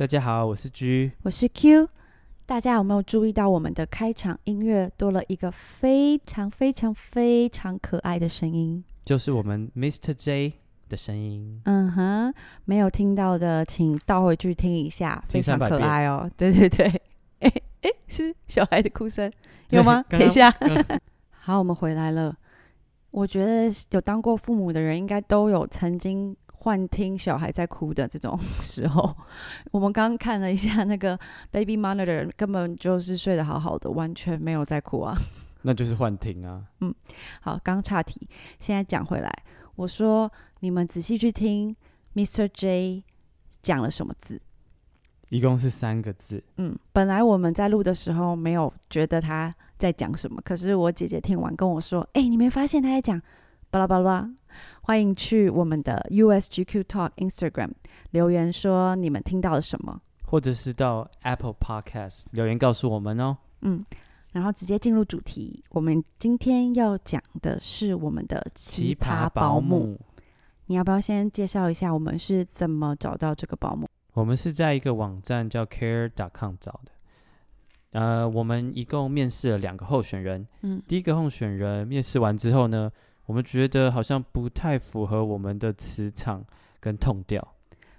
大家好，我是 G，我是 Q。大家有沒有注意到我們的開場音樂多了一個非常非常非常可愛的聲音？就是我們 Mr. J 的聲音。嗯哼，沒有聽到的，請倒回去聽一下，非常可愛哦。對對對，哎、欸、哎、欸，是小孩的哭聲，有嗎？對等一下，剛剛剛剛 好，我們回來了。我覺得有當過父母的人，應該都有曾經。幻聽，小孩在哭的這種時候，我們剛看了一下那個 baby monitor，根本就是睡得好好的，完全沒有在哭啊。那就是幻聽啊。嗯，好，剛岔題，現在講回來，我說你們仔細去聽，Mr. J 講了什麼字？一共是三個字。嗯，本來我們在錄的時候沒有覺得他在講什麼，可是我姐姐聽完跟我說，哎、欸，你沒發現他在講？巴拉巴拉，Blah blah blah. 歡迎去我們的 USGQ Talk Instagram 留言說你們聽到了什麼，或者是到 Apple Podcast 留言告訴我們哦。嗯，然後直接進入主題，我們今天要講的是我們的奇葩保姆。奇葩保姆，你要不要先介紹一下我們是怎麼找到這個保姆？我們是在一個網站叫 Care.com 找的。呃，我們一共面試了兩個候選人。嗯，第一個候選人面試完之後呢？我們覺得好像不太符合我們的磁場跟痛調，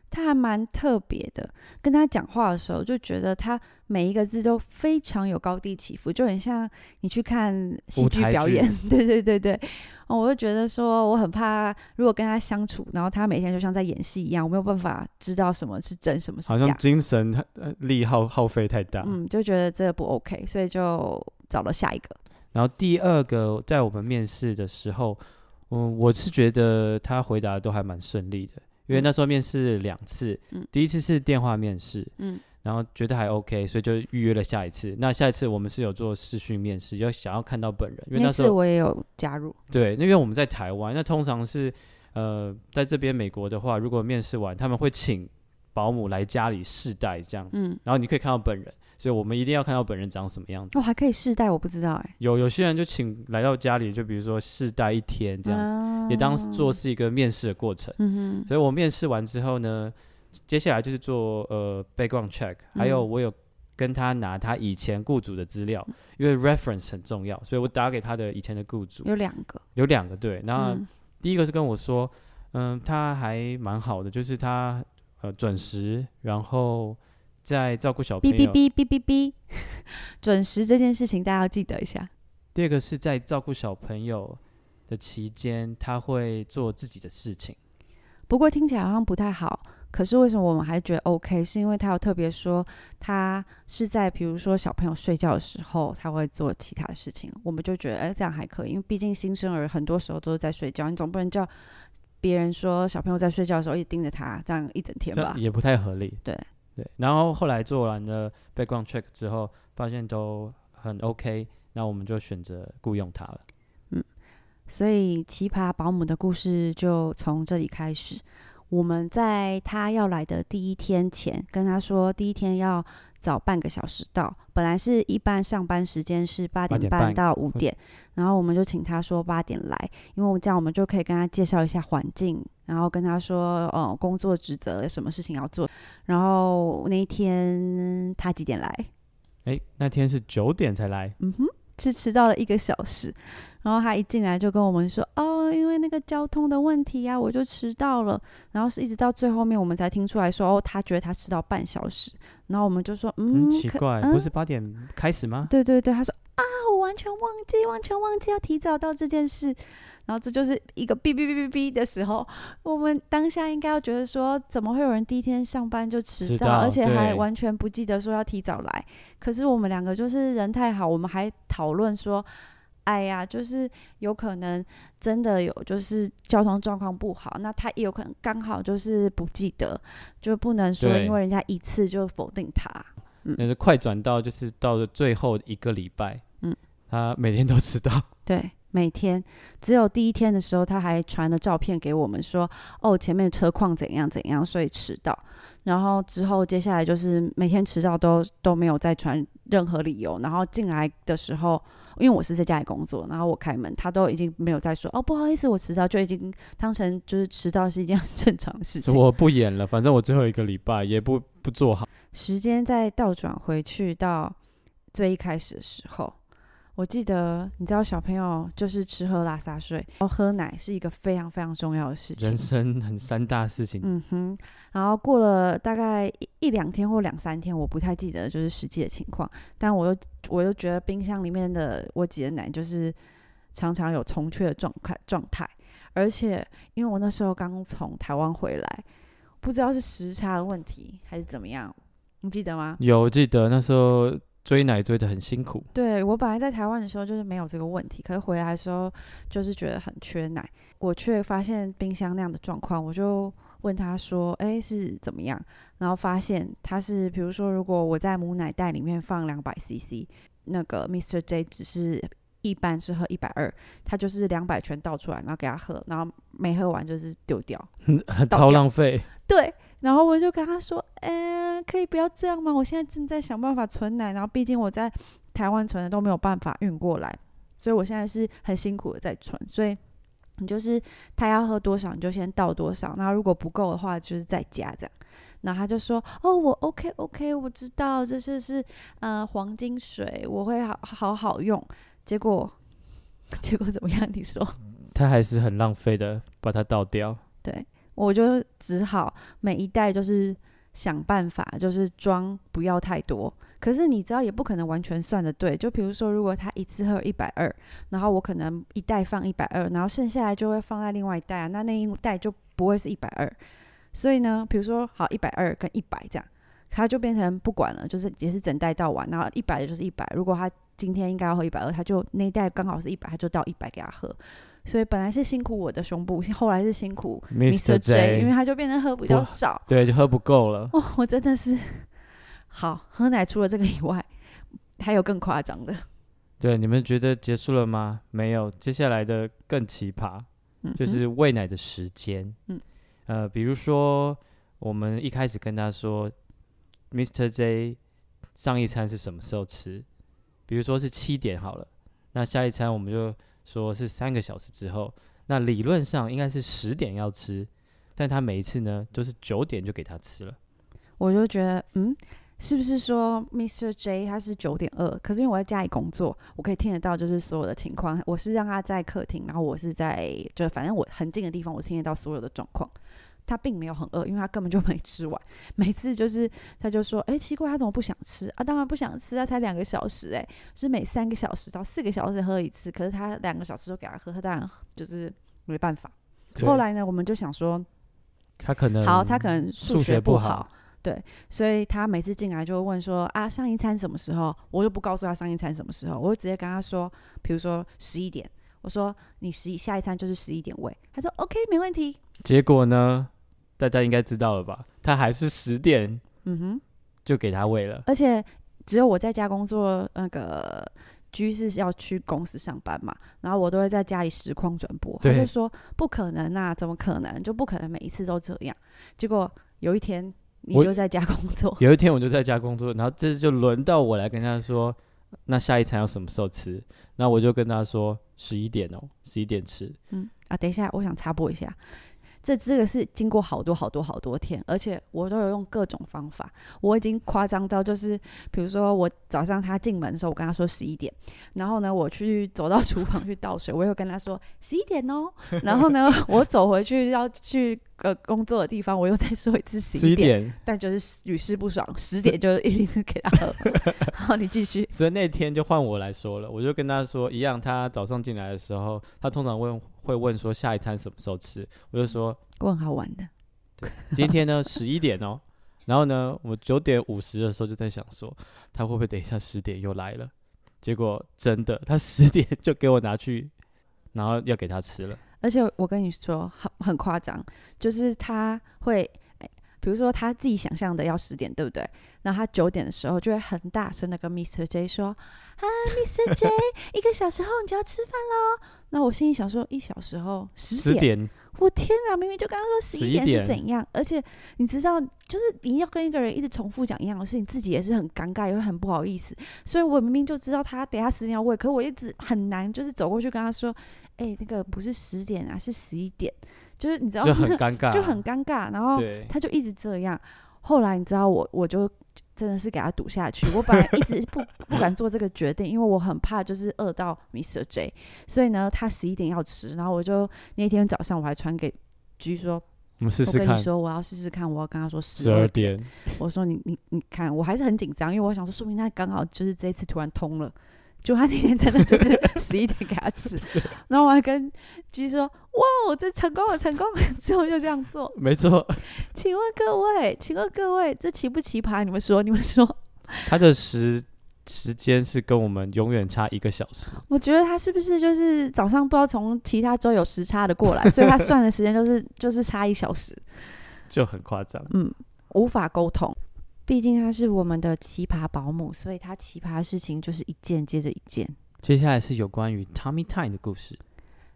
他還蠻特別的。跟他講話的時候，就覺得他每一個字都非常有高低起伏，就很像你去看喜劇表演。對對對對，我就覺得說我很怕，如果跟他相處，然後他每天就像在演戲一樣，我沒有辦法知道什麼是真，什麼是假，好像精神力耗耗費太大。嗯，就覺得這不 OK，所以就找了下一個。然後第二個，在我們面試的時候，嗯，我是覺得他回答的都還蠻順利的，因為那時候面試兩次，嗯，第一次是電話面試，嗯，然後覺得還 OK，所以就預約了下一次。那下一次我們是有做視訊面試，要想要看到本人，因為那時候，那次我也有加入，對，那因為我們在台灣，那通常是呃，在這邊美國的話，如果面試完，他們會請保姆來家裡試帶這樣子，嗯，然後你可以看到本人。所以我們一定要看到本人長什麼樣子。哦，還可以試帶，我不知道哎、欸。有有些人就請來到家裡，就比如說試帶一天這樣子，啊、也當做是一個面試的過程。嗯哼所以我面試完之後呢，接下來就是做呃 background check，還有我有跟他拿他以前雇主的資料，嗯、因為 reference 很重要，所以我打給他的以前的雇主有兩個，有兩個對。那、嗯、第一個是跟我說，嗯、呃，他還蠻好的，就是他呃準時，然後。在照顧小。嗶嗶嗶嗶嗶嗶，準時這件事情大家要記得一下。第二個是在照顧小朋友的期間，他會做自己的事情。不過聽起來好像不太好，可是為什麼我們還覺得 OK？是因為他有特別說，他是在比如說小朋友睡覺的時候，他會做其他的事情。我們就覺得哎、欸，這樣還可以，因為畢竟新生兒很多時候都是在睡覺，你總不能叫別人說小朋友在睡覺的時候一直盯着他，這樣一整天吧？也不太合理。對。然後後來做完了 background check 之後，發現都很 OK，那我們就選擇僱傭他了。嗯，所以奇葩保姆的故事就從這裡開始。我們在他要來的第一天前，跟他說第一天要。早半個小時到，本來是一般上班時間是八點半，八點半到五點，然後我們就請他說八點來，因為我們這樣，我們就可以跟他介紹一下環境，然後跟他說，哦、嗯，工作職責什麼事情要做。然後那一天他幾點來？哎，那天是九點才來，嗯哼，是遲到了一個小時。然後他一進來就跟我們說：“哦，因為那個交通的問題呀、啊，我就遲到了。”然後是一直到最後面我們才聽出來，說：“哦，他覺得他遲到半小時。”然後我們就說：“嗯，奇怪，嗯、不是八點開始嗎？”對對對，他說：“啊，我完全忘記，完全忘記要提早到這件事。”然後這就是一個“嗶嗶嗶嗶嗶”的時候，我們當下應該要覺得說：“怎麼會有人第一天上班就遲到，道而且還完全不記得說要提早來？”對可是我們兩個就是人太好，我們還討論說。哎呀，就是有可能真的有，就是交通狀況不好，那他也有可能剛好就是不記得，就不能說因為人家一次就否定他。對嗯，那就快轉到就是到了最後一個禮拜，嗯，他每天都遲到，對。每天只有第一天的時候，他還傳了照片給我們，說：“哦，前面車況怎樣怎樣，所以遲到。”然後之後接下來就是每天遲到都都沒有再傳任何理由。然後進來的時候，因為我是在家裡工作，然後我開門，他都已經沒有再說“哦，不好意思，我遲到”，就已經當成就是遲到是一件正常的事情。我不演了，反正我最後一個禮拜也不不做好。時間再倒轉回去到最一開始的時候。我記得，你知道小朋友就是吃喝拉撒睡，然後喝奶是一個非常非常重要的事情。人生很三大事情，嗯哼。然後過了大概一兩天或兩三天，我不太記得就是實際的情況，但我又我又覺得冰箱裡面的我擠的奶就是常常有蟲缺的狀態狀態，而且因為我那時候剛從台灣回來，不知道是時差的問題還是怎麼樣，你記得嗎？有記得那時候。追奶追得很辛苦，對，我本來在台灣的時候就是沒有這個問題，可是回來的時候就是覺得很缺奶。我卻發現冰箱那樣的狀況，我就問他說：“哎，是怎麼樣？”然後發現他是，比如說，如果我在母奶袋裡面放兩百 CC，那個 Mr. J 只是一般是喝一百二，他就是兩百全倒出來，然後給他喝，然後沒喝完就是丟掉，掉 超浪費。對。然後我就跟他說：“欸，可以不要這樣嗎？我現在正在想辦法存奶，然後畢竟我在台灣存的都沒有辦法運過來，所以我現在是很辛苦的在存。所以你就是他要喝多少，你就先倒多少。那如果不夠的話，就是再加這樣。那他就說：‘哦，我 OK OK，我知道，這是是呃黃金水，我會好好好用。’結果結果怎麼樣？你說？嗯，他還是很浪費的，把它倒掉。對。我就只好每一袋就是想辦法，就是裝不要太多。可是你知道也不可能完全算得對。就比如說，如果他一次喝一百二，然後我可能一袋放一百二，然後剩下來就會放在另外一袋啊，那那一袋就不會是一百二。所以呢，比如說好一百二跟一百這樣，他就變成不管了，就是也是整袋倒完，然後一百的就是一百。如果他今天應該要喝一百二，他就那一袋剛好是一百，他就倒一百給他喝。所以本來是辛苦我的胸部，後來是辛苦 Mr. J，因為他就變成喝比較少，對，就喝不夠了。哦，我真的是好喝奶。除了這個以外，還有更誇張的。對，你們覺得結束了嗎？沒有，接下來的更奇葩，嗯、哼就是餵奶的時間。嗯，呃，比如說我們一開始跟他說，Mr. J 上一餐是什麼時候吃？比如說是七點好了，那下一餐我們就。說是三個小時之後，那理論上應該是十點要吃，但他每一次呢都、就是九點就給他吃了。我就覺得，嗯，是不是說 Mr. J 他是九點二？可是因為我在家裡工作，我可以聽得到，就是所有的情況。我是讓他在客廳，然後我是在，就反正我很近的地方，我聽得到所有的狀況。他並沒有很餓，因為他根本就沒吃完。每次就是，他就說：“哎，欸，奇怪，他怎麼不想吃啊？”當然不想吃啊，才兩個小時，哎，是每三個小時到四個小時喝一次。可是他兩個小時都給他喝，他當然就是沒辦法。對。後來呢，我們就想說，他可能好，好，他可能數學不好，對，所以他每次進來就會問說：“啊，上一餐什麼時候？”我就不告訴他上一餐什麼時候，我就直接跟他說，比如說十一點，我說：“你十一下一餐就是十一點餵。”他說：“OK，沒問題。”結果呢？大家應該知道了吧？他還是十點，嗯哼，就給他餵了。而且只有我在家工作，那個居士要去公司上班嘛，然後我都會在家裡實況轉播。對。他就說：“不可能啊，怎麼可能？就不可能每一次都這樣。”結果有一天你就在家工作，有一天我就在家工作，然後這次就輪到我來跟他說：“那下一餐要什麼時候吃？”那我就跟他說：“十一點哦，十一點吃。”嗯啊，等一下，我想插播一下。這這個是經過好多好多好多天，而且我都有用各種方法，我已經誇張到就是，比如說我早上他進門的時候，我跟他說十一點，然後呢，我去走到廚房去倒水，我又跟他說 十一點哦，然後呢，我走回去要去呃工作的地方，我又再說一次十一點，十一點，但就是屢試不爽，十點就一定是給他喝。然後 你繼續，所以那天就換我來說了，我就跟他說一樣，他早上進來的時候，他通常問。會問說下一餐什麼時候吃，我就說問好玩的。對，今天呢，十一點哦， 然後呢，我九點五十的時候就在想說，他會不會等一下十點又來了？結果真的，他十點就給我拿去，然後要給他吃了。而且我跟你說很很誇張，就是他會。比如說他自己想象的要十點，對不對？那他九點的時候就會很大聲的跟 Mr. J 說：“啊 ，Mr. J，一個小時後你就要吃飯嘍。” 那我心裡想說，一小時後十點，點我天啊，明明就剛剛說十一點是怎樣？點而且你知道，就是你要跟一個人一直重複講一樣的事情，自己也是很尷尬，也會很不好意思。所以我明明就知道他等下十點要餵，可是我一直很難就是走過去跟他說：“哎、欸，那個不是十點啊，是十一點。”就是你知道，就很尷尬、啊，就，就很尷尬。然後他就一直這樣。對後來你知道我，我就真的是給他賭下去。我本來一直不 不敢做這個決定，因為我很怕就是餓到 Mr. J。所以呢，他十一點要吃。然後我就那天早上我還傳給 G，說，我，試試我跟你說我要試試看，我要跟他說十二點。點我說你你你看，我還是很緊張，因為我想說，說不定他剛好就是這一次突然通了。就他那天真的就是十一點給他吃， 然後我還跟 G 說：“哇，這成功了，成功了！”之後就這樣做，沒錯。請問各位，請問各位，這奇不奇葩？你們說？你們說？他的時時間是跟我們永遠差一個小時。我覺得他是不是就是早上不知道從其他州有時差的過來，所以他算的時間就是就是差一小時，就很誇張。嗯，無法溝通。畢竟他是我們的奇葩保姆，所以他奇葩的事情就是一件接着一件。接下來是有關於 Tummy Time 的故事。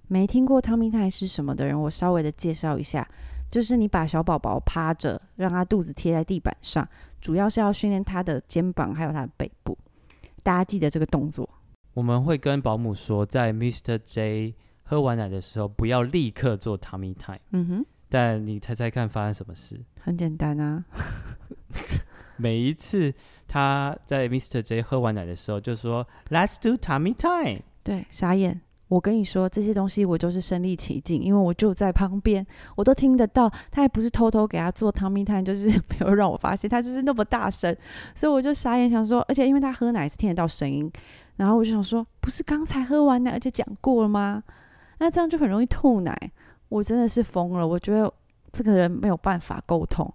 沒聽過 Tummy Time 是什麼的人，我稍微的介紹一下。就是你把小寶寶趴着，讓他肚子貼在地板上，主要是要訓練他的肩膀還有他的背部。大家記得這個動作。我們會跟保姆說，在 Mr. J 喝完奶的時候，不要立刻做 Tummy Time。嗯哼。但你猜猜看，發生什麼事？很簡單啊。 每一次他在 Mr. J 喝完奶的時候，就說 Let's do tummy time。對，傻眼。我跟你說這些東西，我就是身臨其境，因為我就在旁邊，我都聽得到。他還不是偷偷給他做 tummy time，就是沒有讓我發現，他就是那麼大聲，所以我就傻眼，想說，而且因為他喝奶是聽得到聲音，然後我就想說，不是剛才喝完奶，而且講過了嗎？那這樣就很容易吐奶。我真的是瘋了，我覺得這個人沒有辦法溝通。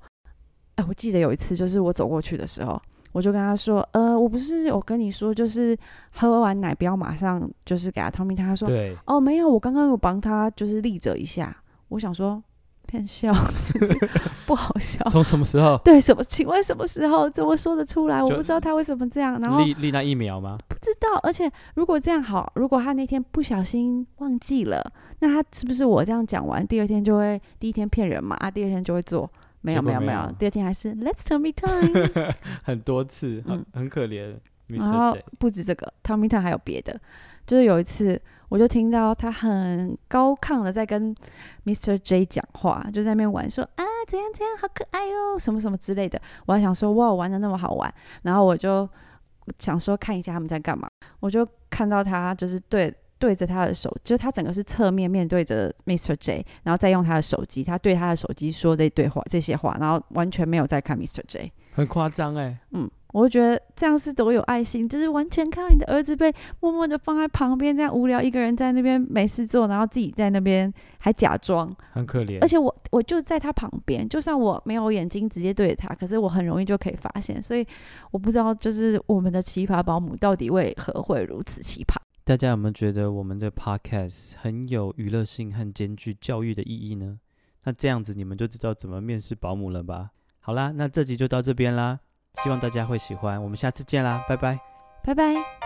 我記得有一次，就是我走過去的時候，我就跟他說：“呃，我不是有跟你說，就是喝完奶不要馬上就是給他 tummy time。”他，他說：“對。”哦，沒有，我剛剛有幫他就是立着一下。我想說騙笑，就是 不好笑。從什麼時候？對，什麼？請問什麼時候？怎麼說得出來？就我不知道他為什麼這樣。然後立立那疫苗嗎？不知道。而且如果這樣好，如果他那天不小心忘記了，那他是不是我這樣講完，第二天就會第一天騙人嘛？啊，第二天就會做。沒有沒有沒有，沒有第二天還是 Let's Tommy Time 很多次，很很可憐。嗯、Mr. J 然後不止這個，Tommy Time 還有別的，就是有一次我就聽到他很高亢的在跟 Mr. J 講話，就在那邊玩說，說啊怎樣怎樣好可愛哦，什麼什麼之類的。我還想說哇我玩的那麼好玩，然後我就想說看一下他們在幹嘛，我就看到他就是對。對着他的手，就是他整個是側面面對着 Mr. J，然後再用他的手機，他對他的手機說這對話這些話，然後完全沒有在看 Mr. J。很誇張哎、欸，嗯，我就覺得這樣是多有愛心，就是完全看到你的兒子被默默地放在旁邊，這樣無聊一個人在那邊沒事做，然後自己在那邊還假裝很可憐。而且我我就在他旁邊，就算我沒有眼睛直接對着他，可是我很容易就可以發現。所以我不知道，就是我們的奇葩保姆到底為何會如此奇葩。大家有沒有覺得我們的 Podcast 很有娛樂性和兼具教育的意義呢？那這樣子你們就知道怎麼面試保姆了吧？好啦，那這集就到這邊啦，希望大家會喜歡，我們下次見啦，拜拜，拜拜。